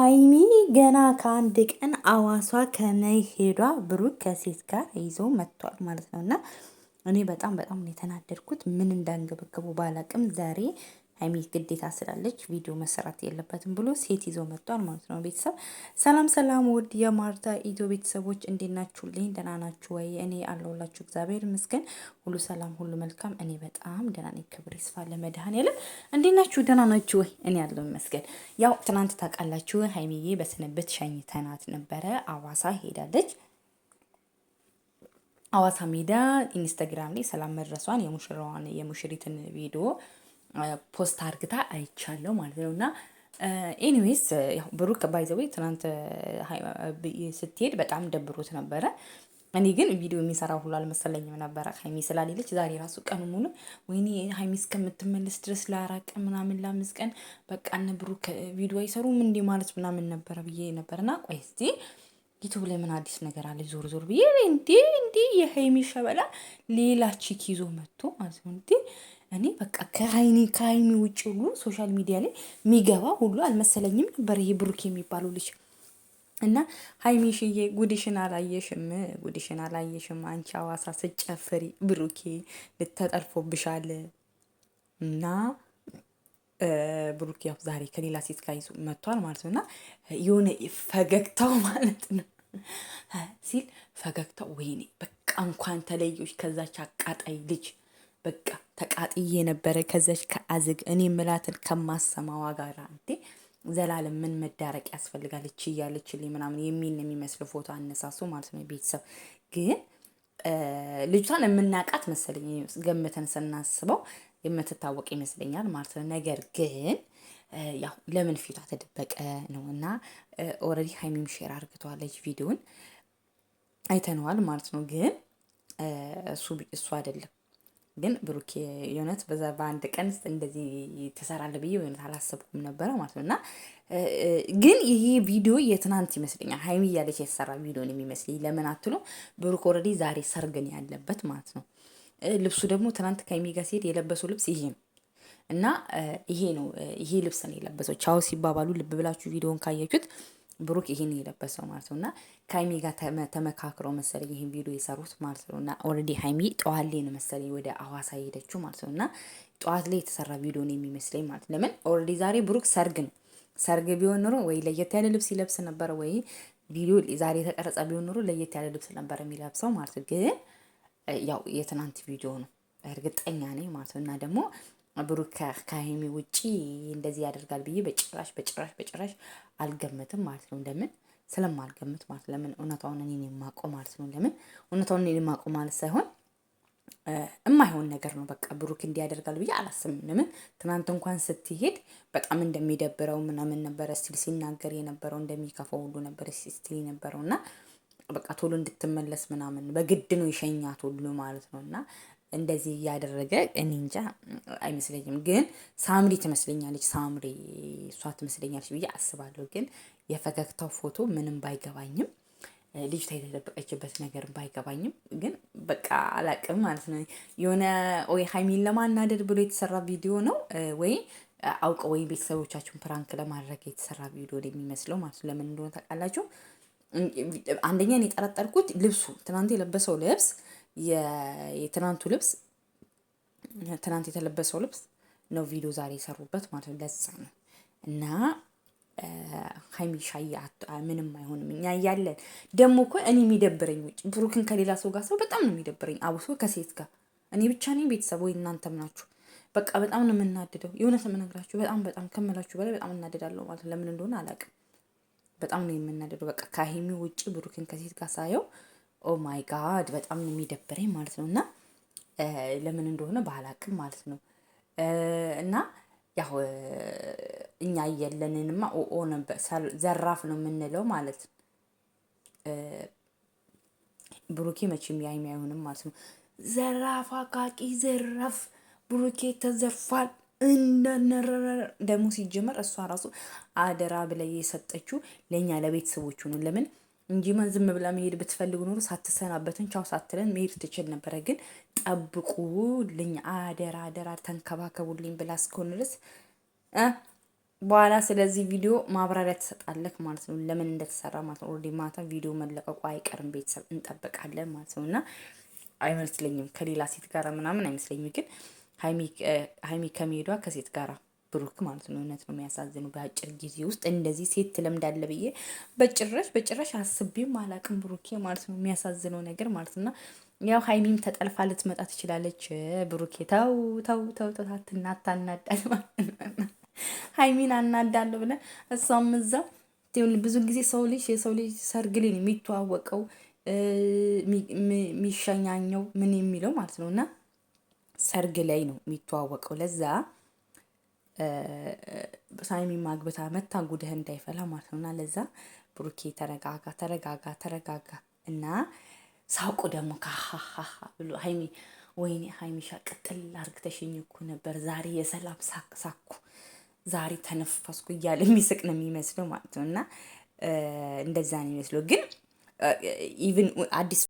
ሀይሚ ገና ከአንድ ቀን አዋሷ ከመሄዷ ብሩክ ከሴት ጋር ይዞ መጥቷል ማለት ነው። እና እኔ በጣም በጣም የተናደድኩት። ምን እንዳንገበገቡ ባላቅም ዛሬ ሀይሚ ግዴታ ስላለች ቪዲዮ መሰራት የለበትም ብሎ ሴት ይዞ መጥቷል ማለት ነው። ቤተሰብ ሰላም ሰላም፣ ውድ የማርታ ኢትዮ ቤተሰቦች እንዴት ናችሁልኝ? ደህና ናችሁ ወይ? እኔ አለሁላችሁ እግዚአብሔር ይመስገን፣ ሁሉ ሰላም፣ ሁሉ መልካም። እኔ በጣም ደህና ነኝ። ክብር ይስፋ ለመድኃኔዓለም። እንዴት ናችሁ? ደህና ናችሁ ወይ? እኔ አለሁ ይመስገን። ያው ትናንት ታውቃላችሁ ሀይሚዬ በስንብት ሸኝተናት ነበረ። አዋሳ ሄዳለች። አዋሳ ሜዳ ኢንስታግራም ላይ ሰላም መድረሷን የሙሽራዋን የሙሽሪትን ቪዲዮ ፖስት አርግታ አይቻለው ማለት ነው እና ኤኒዌይስ ብሩክ ባይዘዌ ትናንት ስትሄድ በጣም ደብሮት ነበረ። እኔ ግን ቪዲዮ የሚሰራ ሁሉ አልመሰለኝም ነበረ ሀይሚ ስላሌለች ዛሬ ራሱ ቀኑ ሙሉ ወይኔ ሀይሚ እስከምትመለስ ድረስ ለአራት ምናምን ለአምስት ቀን በቃ እነ ብሩክ ቪዲዮ አይሰሩም እንዲህ ማለት ምናምን ነበረ ብዬ ነበርና ቆይ እስኪ ዩቱብ ላይ ምን አዲስ ነገር አለ ዞር ዞር ብዬ እንዲ እንዲ የሀይሚ ሸበላ ሌላ ቺክ ይዞ መጥቶ ማለት ነው እንዴ እኔ በቃ ከሀይኒ ከሀይሚ ውጭ ሁሉ ሶሻል ሚዲያ ላይ የሚገባ ሁሉ አልመሰለኝም ነበር ይሄ ብሩክ የሚባለው ልጅ እና ሀይሚሽዬ ጉድሽን አላየሽም፣ ጉድሽን አላየሽም። አንቺ አዋሳ ስጨፍሪ ብሩኬ ልተጠልፎብሻል። እና ብሩኬ ያው ዛሬ ከሌላ ሴት ጋር ይዞ መጥቷል ማለት ነው። እና የሆነ ፈገግታው ማለት ነው ሲል ፈገግታው፣ ወይኔ በቃ እንኳን ተለዮች ከዛች አቃጣይ ልጅ በቃ ተቃጥዬ ነበረ ከዛች ከአዝግ እኔ ምላትን ከማሰማዋ ጋር እንዴ ዘላለም ምን መዳረቅ ያስፈልጋል? እቺ እያለችልኝ ምናምን የሚል የሚመስል ፎቶ አነሳሱ ማለት ነው። ቤተሰብ ግን ልጅቷን የምናቃት መሰለኝ ገምተን ስናስበው የምትታወቅ ይመስለኛል ማለት ነው። ነገር ግን ያው ለምን ፊቷ ተደበቀ ነው እና ኦልሬዲ ሀይሚም ሼር አርግተዋለች ቪዲዮን አይተነዋል ማለት ነው። ግን እሱ እሱ አይደለም ግን ብሩኬ የእውነት በዛ በአንድ ቀን ውስጥ እንደዚህ ትሰራለህ ብዬ የእውነት አላሰብኩም ነበረ ማለት ነው። እና ግን ይሄ ቪዲዮ የትናንት ይመስለኛል ሀይሚ እያለች የተሰራ ቪዲዮን የሚመስለኝ ለምን አትሎ ብሩክ ኦልሬዲ ዛሬ ሰርግን ያለበት ማለት ነው። ልብሱ ደግሞ ትናንት ከሀይሚ ጋር ሲሄድ የለበሰው ልብስ ይሄ ነው እና ይሄ ነው ይሄ ልብስ ነው የለበሰው። ቻው ሲባባሉ ልብ ብላችሁ ቪዲዮን ካያችሁት ብሩክ ይሄን የለበሰው ማለት ነው እና ከሀይሚ ጋር ተመካክሮ መሰለኝ ይህን ቪዲዮ የሰሩት ማለት ነው እና ኦልሬዲ ሀይሚ ጠዋት ላይ ነው መሰለኝ ወደ አዋሳ ሄደችው ማለት ነው እና ጠዋት ላይ የተሰራ ቪዲዮ ነው የሚመስለኝ ማለት ለምን ኦልሬዲ ዛሬ ብሩክ ሰርግ ነው ሰርግ ቢሆን ኑሮ ወይ ለየት ያለ ልብስ ይለብስ ነበር ወይ ቪዲዮ ዛሬ የተቀረጸ ቢሆን ኑሮ ለየት ያለ ልብስ ነበር የሚለብሰው ማለት ግን ያው የትናንት ቪዲዮ ነው እርግጠኛ ነኝ ማለት ነው እና ደግሞ ብሩክ ከሀይሚ ውጪ እንደዚህ ያደርጋል ብዬ በጭራሽ በጭራሽ በጭራሽ አልገምትም ማለት ነው። ለምን ስለማልገምት ማለት ለምን እውነታውን እኔ የማውቀው ማለት ነው። ለምን እውነታውን እኔ የማውቀው ማለት ሳይሆን እማይሆን ነገር ነው። በቃ ብሩክ እንዲህ ያደርጋል ብዬ አላስብም። ለምን ትናንት እንኳን ስትሄድ በጣም እንደሚደብረው ምናምን ነበረ ስቲል ሲናገር የነበረው እንደሚከፋው ሁሉ ነበረ ስቲል የነበረው እና በቃ ቶሎ እንድትመለስ ምናምን በግድ ነው የሸኛት ሁሉ ማለት ነው እና እንደዚህ እያደረገ እኔ እንጃ አይመስለኝም። ግን ሳምሪ ትመስለኛለች፣ ሳምሪ እሷ ትመስለኛለች ብዬ አስባለሁ። ግን የፈገግታው ፎቶ ምንም ባይገባኝም ልጅቷ የተደበቀችበት ነገር ባይገባኝም ግን በቃ አላቅም ማለት ነው። የሆነ ወይ ሀይሚን ለማናደድ ብሎ የተሰራ ቪዲዮ ነው ወይ አውቀው ወይም ቤተሰቦቻችሁን ፕራንክ ለማድረግ የተሰራ ቪዲዮ የሚመስለው ማለት ነው። ለምን እንደሆነ ታውቃላችሁ? አንደኛ የጠረጠርኩት ልብሱ ትናንት የለበሰው ልብስ የትናንቱ ልብስ ትናንት የተለበሰው ልብስ ነው ቪዲዮ ዛሬ የሰሩበት ማለት ነው። ለዛ ነው እና ሀይሚሻ ምንም አይሆንም፣ እኛ እያለን ደግሞ እኮ እኔ የሚደብረኝ ውጭ ብሩክን ከሌላ ሰው ጋር ሰው በጣም ነው የሚደብረኝ፣ አብሶ ከሴት ጋር እኔ ብቻ ነኝ ቤተሰብ ወይ እናንተም ናችሁ። በቃ በጣም ነው የምናደደው። የእውነት የምነግራችሁ በጣም በጣም ከምላችሁ በላይ በጣም እናደዳለሁ ማለት ለምን እንደሆነ አላውቅም። በጣም ነው የምናደደው። በቃ ከሀይሚ ውጭ ብሩክን ከሴት ጋር ሳየው ኦ ማይ ጋድ በጣም ነው የሚደብረኝ ማለት ነው። እና ለምን እንደሆነ ባላቅም ማለት ነው። እና ያው እኛ እየለንንማ ኦኦ ነበር ዘራፍ ነው የምንለው ማለት ነው። ብሩኬ መቼም ያይም አይሆንም ማለት ነው። ዘራፍ አቃቂ ዘራፍ ብሩኬ ተዘርፏል። እንደነረረ ደግሞ ሲጀመር እሷ ራሱ አደራ ብለ የሰጠችው ለእኛ ለቤተሰቦቹ ነው ለምን እንጂ ማን ዝም ብላ መሄድ ብትፈልጉ ኖሮ ሳትሰናበትን ቻው ሳትለን መሄድ ትችል ነበረ። ግን ጠብቁልኝ፣ አደራ አደራ፣ ተንከባከቡልኝ ብላ እስከሆን ድረስ በኋላ ስለዚህ ቪዲዮ ማብራሪያ ትሰጣለህ ማለት ነው፣ ለምን እንደተሰራ ማለት ነው። ኦልሬዲ ማታ ቪዲዮ መለቀቁ አይቀርም፣ ቤተሰብ እንጠብቃለን ማለት ነው። እና አይመስለኝም ከሌላ ሴት ጋር ምናምን አይመስለኝም። ግን ሀይሚ ከመሄዷ ከሴት ጋራ ብሩክ ማለት ነው። እውነት ነው የሚያሳዝነው። በአጭር ጊዜ ውስጥ እንደዚህ ሴት ትለምዳለ ብዬ በጭራሽ በጭራሽ አስቤም አላቅም። ብሩኬ ማለት ነው የሚያሳዝነው ነገር ማለት እና ያው ሀይሚም ተጠልፋ ልትመጣ ትችላለች። ብሩኬ ተው ተው ተው ተው ታትናታ ሀይሚን አናዳለሁ ብለን እሷም እዛው ብዙ ጊዜ ሰው ልጅ የሰው ልጅ ሰርግ ላይ የሚተዋወቀው የሚሸኛኘው ምን የሚለው ማለት ነው እና ሰርግ ላይ ነው የሚተዋወቀው ለዛ ሳይሚ ማግብታ መታ ጉድህ እንዳይፈላ ማለት ነው። እና ለዛ ብሩኬ ተረጋጋ፣ ተረጋጋ፣ ተረጋጋ እና ሳውቁ ደግሞ ካሀሀሀ ብሎ ሀይሚ ወይኔ ሀይሚሻ ቅጥል አርግተሽኝ እኮ ነበር ዛሬ የሰላም ሳቅሳኩ ዛሬ ተነፋስኩ እያለ የሚስቅ ነው የሚመስለው ማለት ነው እና እንደዛ ነው የሚመስለው ግን ኢቭን uh, አዲስ